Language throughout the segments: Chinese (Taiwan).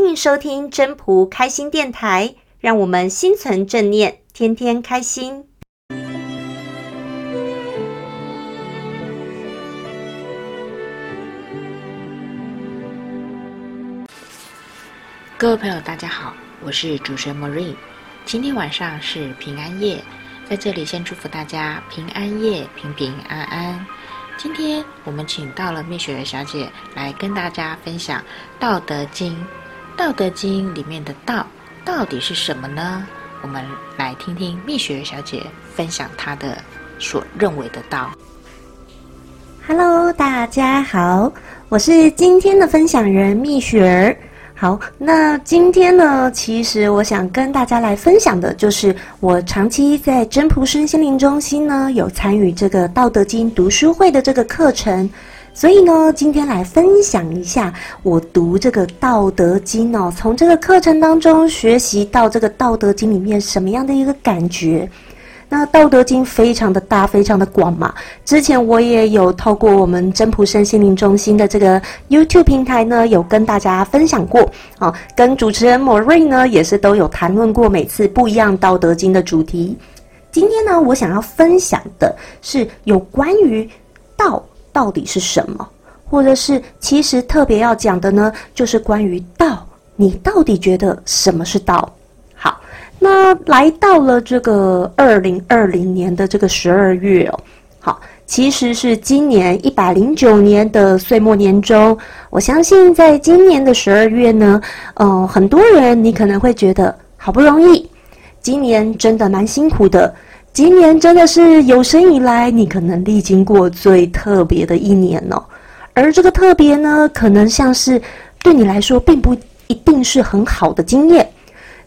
歡迎收聽真樸開心電台，讓我們心存正念，天天開心。各位朋友，大家好，我是主持人 Marine。今天晚上是平安夜，在這裡先祝福大家平安夜平平安安。今天我們請到了蜜雪兒小姐來跟大家分享《道德經》。道德經裡面的“道”到底是什麼呢？我們來聽聽蜜雪兒小姐分享她的所認為的“道”。哈嘍，大家好，我是今天的分享人蜜雪兒。好，那今天呢，其實我想跟大家來分享的，就是我長期在真樸身心靈中心呢，有參與這個《道德經》讀書會的這個課程。所以呢，今天來分享一下我讀這個《道德經》哦，從這個課程當中學習到這個《道德經》裡面什麼樣的一個感覺？那《道德經》非常的大，非常的廣嘛。之前我也有透過我們真樸身心靈中心的這個 YouTube 平台呢，有跟大家分享過啊、哦，跟主持人莫瑞呢也是都有談論過每次不一樣《道德經》的主題。今天呢，我想要分享的是有關於道。到底是什麼？或者是其實特別要講的呢，就是關於道，你到底覺得什麼是道？好，那來到了這個二零二零年的這個十二月哦，好，其實是今年一百零九年的歲末年終，我相信在今年的十二月呢，呃，很多人你可能會覺得好不容易，今年真的蠻辛苦的。今年真的是有生以來你可能歷經過最特別的一年哦，而這個特別呢，可能像是對你來說並不一定是很好的經驗。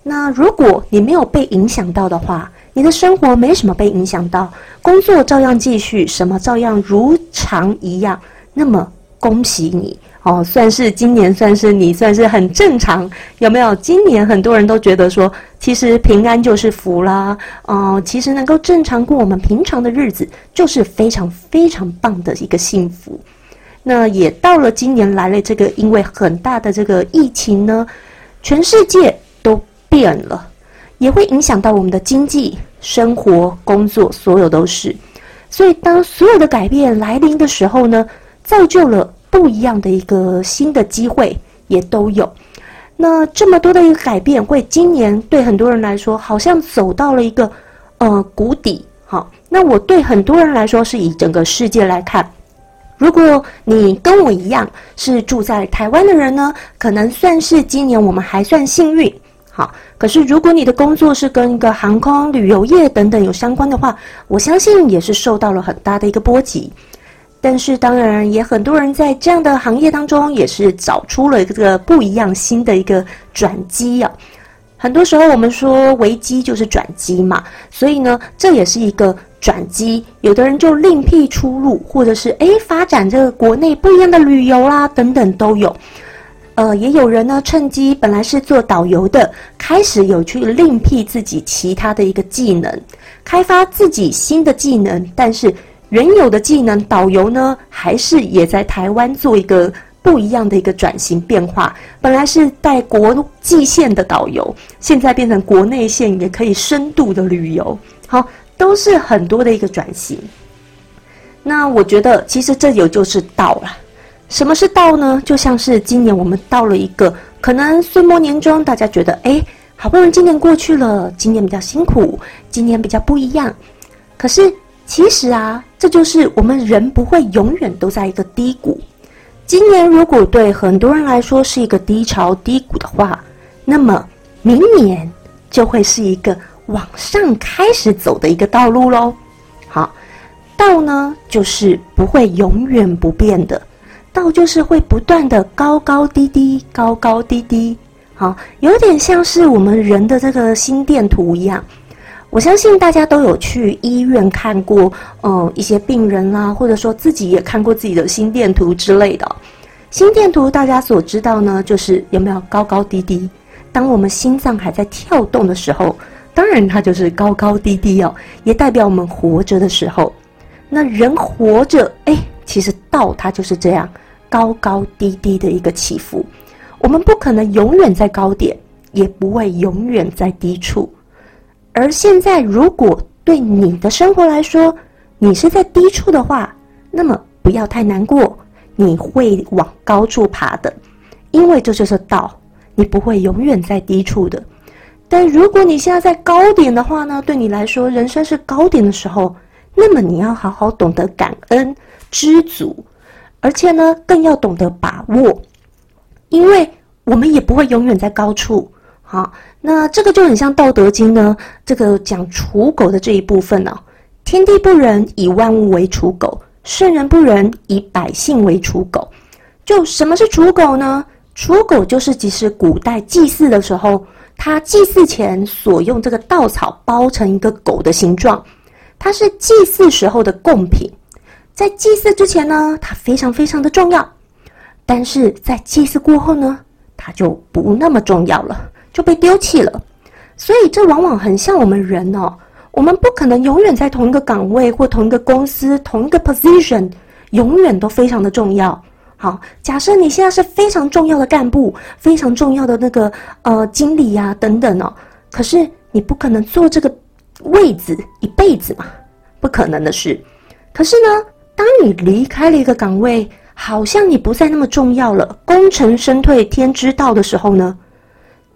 那如果你沒有被影響到的話，你的生活沒什麼被影響到，工作照樣繼續，什麼照樣如常一樣，那麼。恭喜你哦！算是今年，算是你，算是很正常，有沒有？今年很多人都覺得說，其實平安就是福啦，哦、呃，其實能夠正常過我們平常的日子，就是非常非常棒的一個幸福。那也到了今年來了，這個因為很大的這個疫情呢，全世界都變了，也會影響到我們的經濟、生活、工作，所有都是。所以當所有的改變來臨的時候呢，造就了不一樣的一個新的機會，也都有。那這麼多的一個改變，會今年對很多人來說，好像走到了一個呃谷底。好，那我對很多人來說，是以整個世界來看。如果你跟我一樣是住在台灣的人呢，可能算是今年我們還算幸運。好，可是如果你的工作是跟一個航空旅遊業等等有相關的話，我相信也是受到了很大的一個波及。但是，當然也很多人在這樣的行業當中，也是找出了一個，這個不一樣新的一個轉機啊。很多時候，我們說危機就是轉機嘛，所以呢，這也是一個轉機。有的人就另闢出路，或者是哎發展這個國內不一樣的旅遊啦、啊，等等都有。呃，也有人呢趁機，本來是做導遊的，開始有去另闢自己其他的一個技能，開發自己新的技能，但是。原有的技能，導遊呢，還是也在台灣做一個不一樣的一個轉型變化。本來是帶國際線的導遊，現在變成國內線也可以深度的旅遊。好，都是很多的一個轉型。那我覺得，其實這有就是道了。什麼是道呢？就像是今年我們到了一個可能歲末年終，大家覺得哎，好不容易今年過去了，今年比較辛苦，今年比較不一樣。可是。其實啊，這就是我們人不會永遠都在一個低谷。今年如果對很多人來說是一個低潮低谷的話，那麼明年就會是一個往上開始走的一個道路嘍。好，道呢，就是不會永遠不變的，道就是會不斷的高高低低，高高低低。好，有點像是我們人的這個心電圖一樣。我相信大家都有去醫院看過，嗯、呃，一些病人啊，或者說自己也看過自己的心電圖之類的。心電圖大家所知道呢，就是有沒有高高低低。當我們心臟還在跳動的時候，當然它就是高高低低哦，也代表我們活着的時候，那人活着，哎，其實道它就是這樣高高低低的一個起伏。我們不可能永遠在高點，也不會永遠在低處。而現在，如果對你的生活來說，你是在低處的話，那麼不要太難過，你會往高處爬的，因為這就是道，你不會永遠在低處的。但如果你現在在高點的話呢，對你來說，人生是高點的時候，那麼你要好好懂得感恩、知足，而且呢，更要懂得把握，因為我們也不會永遠在高處。好，那這個就很像《道德經》呢。這個講芻狗的這一部分呢，哦，天地不仁，以萬物為芻狗；聖人不仁，以百姓為芻狗。就什麼是芻狗呢？芻狗就是，其實古代祭祀的時候，他祭祀前所用這個稻草包成一個狗的形狀，它是祭祀時候的貢品。在祭祀之前呢，它非常非常的重要；但是在祭祀過後呢，它就不那麼重要了。就被丟棄了，所以這往往很像我們人哦，我們不可能永遠在同一個崗位或同一個公司、同一個 position，永遠都非常的重要。好，假設你現在是非常重要的幹部、非常重要的那個呃經理呀、啊、等等哦，可是你不可能坐這個位子一輩子嘛，不可能的事。可是呢，當你離開了一個崗位，好像你不再那麼重要了，功成身退，天之道的時候呢，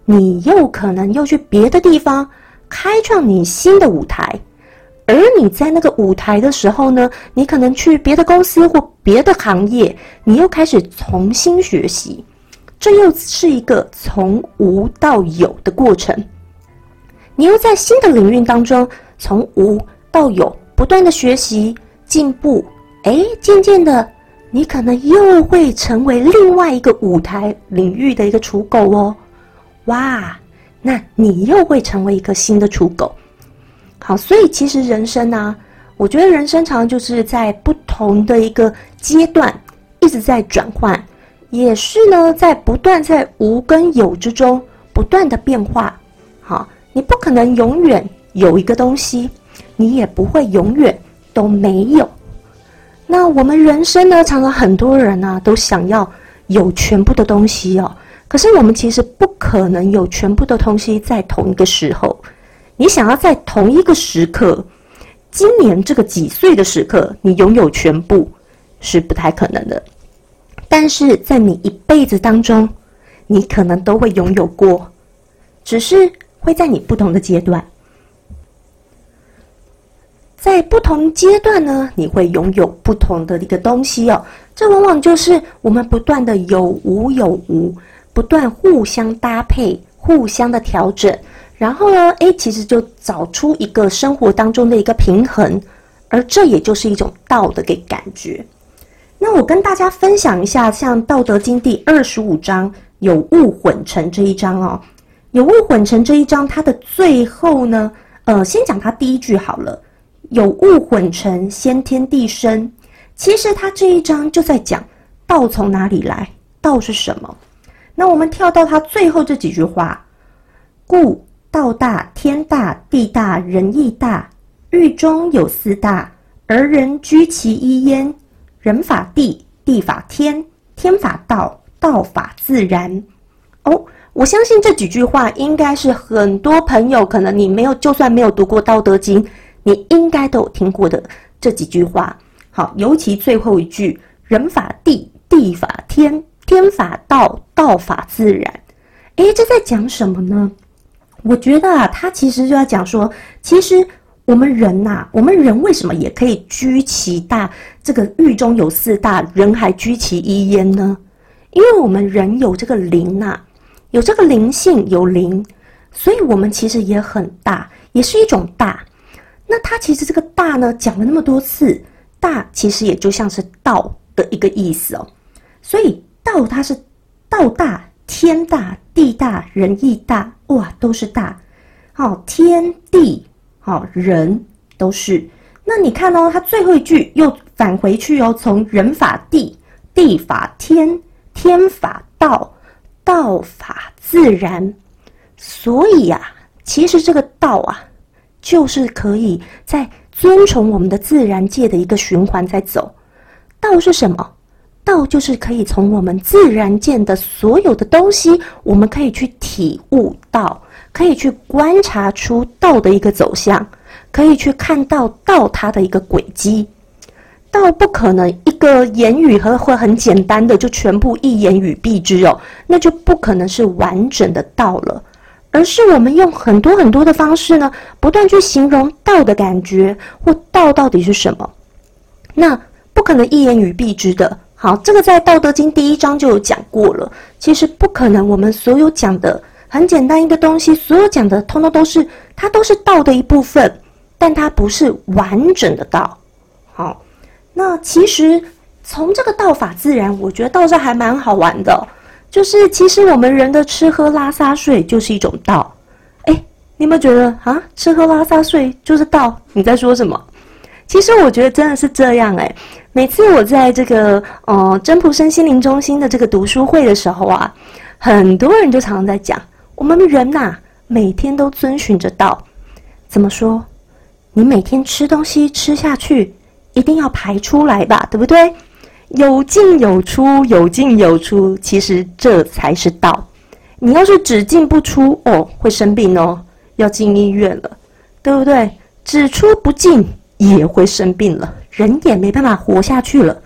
你又可能又去別的地方開創你新的舞台，而你在那個舞台的時候呢，你可能去別的公司或別的行業，你又開始重新學習，這又是一個從無到有的過程。你又在新的領域當中從無到有，不斷的學習進步，哎，漸漸的，你可能又會成為另外一個舞台領域的一個芻狗哦。哇，那你又會成為一個新的芻狗。好，所以其實人生呢、啊，我覺得人生常就是在不同的一個階段一直在轉換，也是呢在不斷在無跟有之中不斷的變化。好，你不可能永遠有一個東西，你也不會永遠都沒有。那我們人生呢，常常很多人呢、啊、都想要有全部的東西哦。可是我們其實不可能有全部的東西在同一個時候。你想要在同一個時刻，今年這個幾歲的時刻，你擁有全部是不太可能的。但是在你一輩子當中，你可能都會擁有過，只是會在你不同的階段，在不同階段呢，你會擁有不同的一個東西哦。這往往就是我們不斷的有無有無。不斷互相搭配，互相的調整，然後呢，哎，其實就找出一個生活當中的一個平衡，而這也就是一種道的給感覺。那我跟大家分享一下，像《道德經》第二十五章“有物混成”這一章哦，“有物混成”這一章它的最後呢，呃，先講它第一句好了，“有物混成，先天地生”。其實它這一章就在講道從哪裡來，道是什麼。那我們跳到它最後這幾句話，故道大，天大，地大，人亦大。域中有四大，而人居其一焉。人法地，地法天，天法道，道法自然。哦，我相信這幾句話應該是很多朋友可能你沒有，就算沒有讀過《道德經》，你應該都有聽過的這幾句話。好，尤其最後一句：人法地，地法天。天法道，道法自然。哎，這在講什麼呢？我覺得啊，他其實就要講說，其實我們人呐、啊，我們人為什麼也可以居其大？這個域中有四大，人還居其一焉呢？因為我們人有這個靈呐、啊，有這個靈性，有靈，所以我們其實也很大，也是一種大。那它其實這個大呢，講了那麼多次，大其實也就像是道的一個意思哦。所以。道它是道大，大天大，地大人亦大，哇，都是大，好、哦、天地，好、哦、人都是。那你看哦，它最後一句又返回去哦，從人法地，地法天，天法道，道法自然。所以呀、啊，其實這個道啊，就是可以在遵從我們的自然界的一個循環在走。道是什麼？道就是可以從我們自然界的所有的東西，我們可以去體悟道，可以去觀察出道的一個走向，可以去看到道它的一個軌跡。道不可能一個言語和或很簡單的就全部一言以蔽之哦，那就不可能是完整的道了，而是我們用很多很多的方式呢，不斷去形容道的感覺或道到底是什麼，那不可能一言以蔽之的。好，這個在《道德經》第一章就有講過了。其實不可能，我們所有講的很簡單一個東西，所有講的通通都是它都是道的一部分，但它不是完整的道。好，那其實從這個“道法自然”，我覺得道是還蠻好玩的。就是其實我們人的吃喝拉撒睡就是一種道。哎、欸，你有沒有覺得啊？吃喝拉撒睡就是道？你在說什麼？其實我覺得真的是這樣哎、欸。每次我在這個呃真樸身心靈中心的這個讀書會的時候啊，很多人就常常在講，我們人吶、啊，每天都遵循着道。怎麼說？你每天吃東西吃下去，一定要排出來吧，對不對？有進有出，有進有出，其實這才是道。你要是只進不出，哦，會生病哦，要進醫院了，對不對？只出不進也會生病了。人也沒辦法活下去了，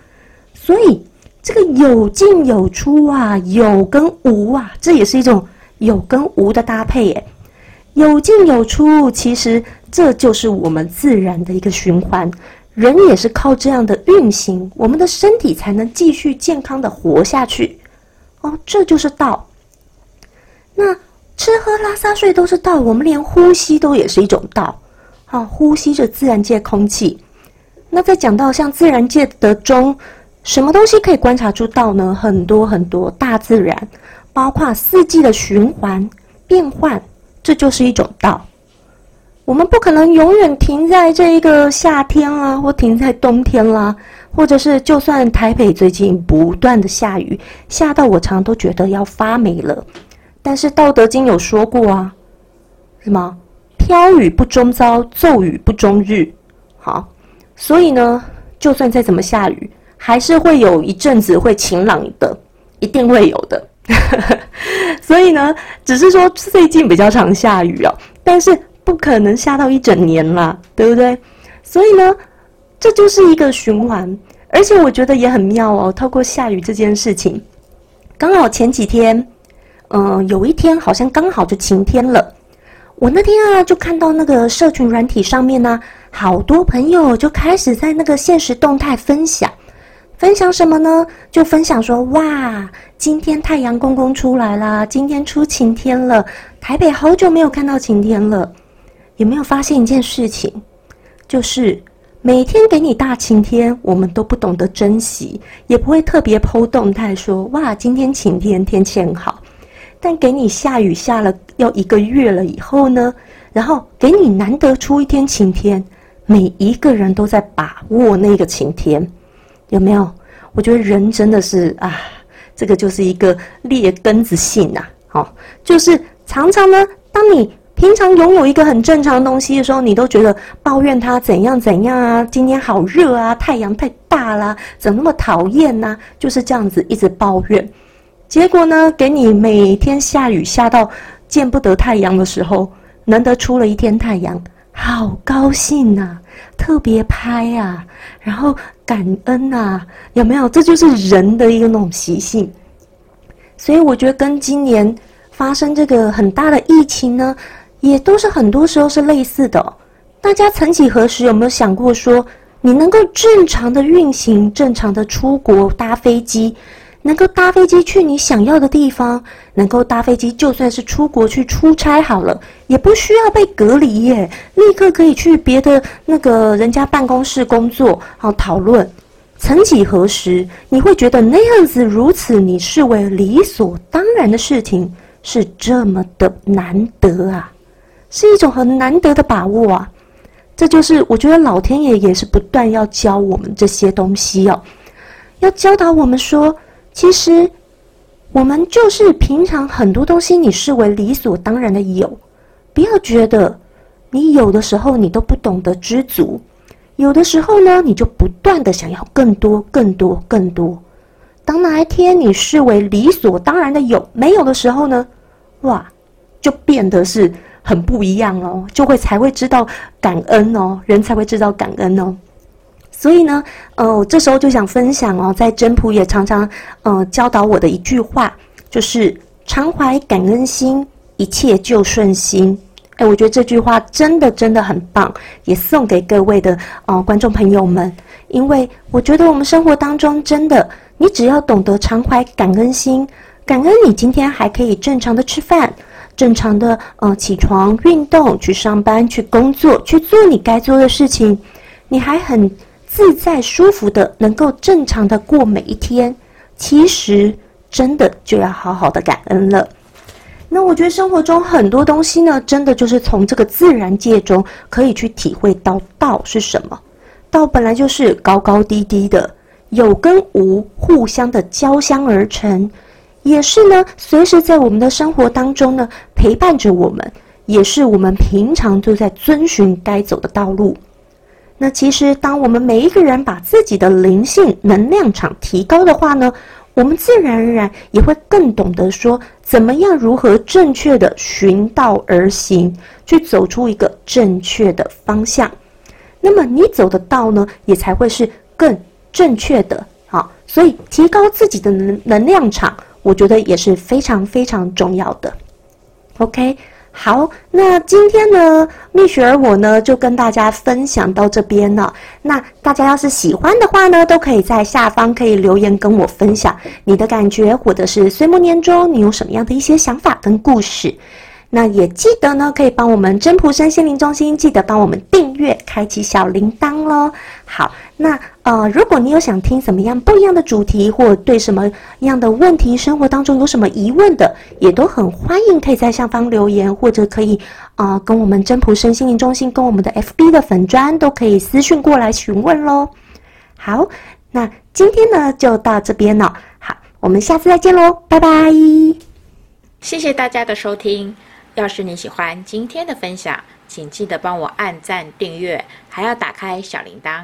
所以這個有進有出啊，有跟無啊，這也是一種有跟無的搭配耶。有進有出，其實這就是我們自然的一個循環。人也是靠這樣的運行，我們的身體才能繼續健康的活下去。哦，這就是道。那吃喝拉撒睡都是道，我們連呼吸都也是一種道啊！呼吸着自然界空氣。那再講到像自然界的中，什麼東西可以觀察出道呢？很多很多，大自然，包括四季的循環變換，這就是一種道。我們不可能永遠停在這一個夏天啊，或停在冬天啦、啊，或者是就算台北最近不斷的下雨，下到我常常都覺得要發霉了。但是《道德經》有說過啊，什麼“飄雨不終朝，驟雨不終日”，好。所以呢，就算再怎麼下雨，還是會有一陣子會晴朗的，一定會有的。 所以呢，只是說最近比較常下雨哦，但是不可能下到一整年啦，對不對？所以呢，這就是一個循環，而且我覺得也很妙哦。透過下雨這件事情，剛好前幾天，嗯、呃，有一天好像剛好就晴天了。我那天啊，就看到那個社群軟體上面呢、啊。好多朋友就開始在那個限時動態分享，分享什麼呢？就分享說：哇，今天太陽公公出來啦，今天出晴天了，台北好久沒有看到晴天了。有沒有發現一件事情？就是每天給你大晴天，我們都不懂得珍惜，也不會特別 PO 動態說：哇，今天晴天，天氣很好。但給你下雨下了要一個月了以後呢，然後給你難得出一天晴天。每一個人都在把握那個晴天，有沒有？我覺得人真的是啊，這個就是一個劣根子性啊。好、哦，就是常常呢，當你平常擁有一個很正常的東西的時候，你都覺得抱怨它怎樣怎樣啊，今天好熱啊，太陽太大了，怎麼那麼討厭呢、啊？就是這樣子一直抱怨，結果呢，給你每天下雨下到見不得太陽的時候，難得出了一天太陽。好高興吶、啊，特別拍呀、啊，然後感恩吶、啊，有沒有？這就是人的一個那種習性，所以我覺得跟今年發生這個很大的疫情呢，也都是很多時候是類似的、哦。大家曾幾何時有沒有想過說，你能夠正常的運行、正常的出國搭飛機？能夠搭飛機去你想要的地方，能夠搭飛機就算是出國去出差好了，也不需要被隔離耶，立刻可以去別的那個人家辦公室工作，好、哦、討論。曾幾何時，你會覺得那樣子如此，你視為理所當然的事情，是這麼的難得啊，是一種很難得的把握啊。這就是我覺得老天爺也是不斷要教我們這些東西哦，要教導我們說。其實，我們就是平常很多東西，你視為理所當然的有，不要覺得你有的時候你都不懂得知足，有的時候呢，你就不斷地想要更多、更多、更多。當哪一天你視為理所當然的有，沒有的時候呢，哇，就變得是很不一樣哦，就會才會知道感恩哦，人才會知道感恩哦。所以呢，呃，我這時候就想分享哦，在真樸也常常，呃，教導我的一句話，就是常懷感恩心，一切就順心。哎、欸，我覺得這句話真的真的很棒，也送給各位的呃觀眾朋友們，因為我覺得我們生活當中真的，你只要懂得常懷感恩心，感恩你今天還可以正常的吃飯，正常的呃起床、運動、去上班、去工作、去做你該做的事情，你還很。自在舒服的，能夠正常的過每一天，其實真的就要好好的感恩了。那我覺得生活中很多東西呢，真的就是從這個自然界中可以去體會到道是什麼。道本來就是高高低低的，有跟無互相的交相而成，也是呢，隨時在我們的生活當中呢，陪伴着我們，也是我們平常就在遵循該走的道路。那其實，當我們每一個人把自己的靈性能量場提高的話呢，我們自然而然也會更懂得說，怎麼樣如何正確的尋道而行，去走出一個正確的方向。那麼你走的道呢，也才會是更正確的啊。所以提高自己的能能量場，我覺得也是非常非常重要的。OK。好，那今天呢，蜜雪兒我呢就跟大家分享到這邊了。那大家要是喜歡的話呢，都可以在下方可以留言跟我分享你的感覺，或者是歲末年終你有什麼樣的一些想法跟故事。那也記得呢，可以幫我們真樸身心靈中心記得幫我們訂閱，開啟小鈴鐺咯。好，那。呃，如果你有想聽怎麼樣不一樣的主題，或對什麼樣的問題，生活當中有什麼疑問的，也都很歡迎，可以在下方留言，或者可以啊、呃，跟我們真樸身心靈中心，跟我們的 FB 的粉專，都可以私訊過來詢問嘍。好，那今天呢就到這邊了。好，我們下次再見嘍，拜拜。謝謝大家的收聽。要是你喜歡今天的分享，請記得幫我按讚、訂閱，還要打開小鈴鐺。